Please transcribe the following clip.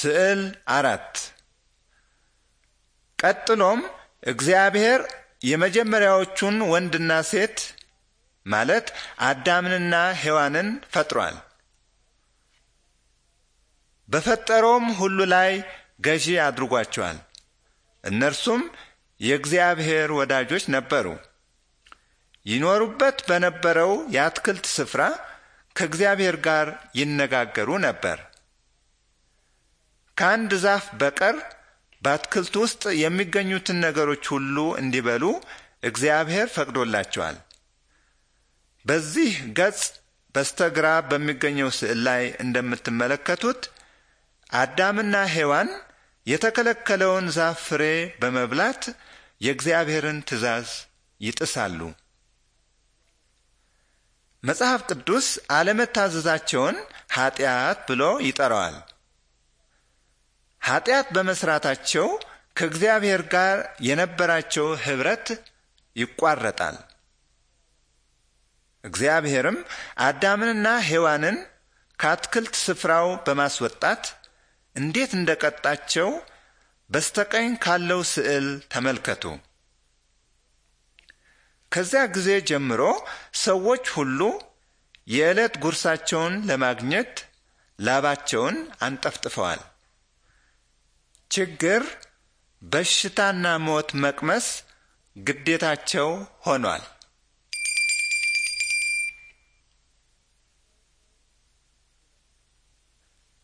ስዕል አራት ቀጥሎም እግዚአብሔር የመጀመሪያዎቹን ወንድና ሴት ማለት አዳምንና ሔዋንን ፈጥሯል። በፈጠረውም ሁሉ ላይ ገዢ አድርጓቸዋል። እነርሱም የእግዚአብሔር ወዳጆች ነበሩ። ይኖሩበት በነበረው የአትክልት ስፍራ ከእግዚአብሔር ጋር ይነጋገሩ ነበር። ከአንድ ዛፍ በቀር በአትክልት ውስጥ የሚገኙትን ነገሮች ሁሉ እንዲበሉ እግዚአብሔር ፈቅዶላቸዋል። በዚህ ገጽ በስተግራ በሚገኘው ስዕል ላይ እንደምትመለከቱት አዳምና ሔዋን የተከለከለውን ዛፍ ፍሬ በመብላት የእግዚአብሔርን ትእዛዝ ይጥሳሉ። መጽሐፍ ቅዱስ አለመታዘዛቸውን ኀጢአት ብሎ ይጠራዋል። ኃጢአት በመስራታቸው ከእግዚአብሔር ጋር የነበራቸው ኅብረት ይቋረጣል። እግዚአብሔርም አዳምንና ሔዋንን ከአትክልት ስፍራው በማስወጣት እንዴት እንደ ቀጣቸው በስተቀኝ ካለው ስዕል ተመልከቱ። ከዚያ ጊዜ ጀምሮ ሰዎች ሁሉ የዕለት ጉርሳቸውን ለማግኘት ላባቸውን አንጠፍጥፈዋል። ችግር፣ በሽታና ሞት መቅመስ ግዴታቸው ሆኗል።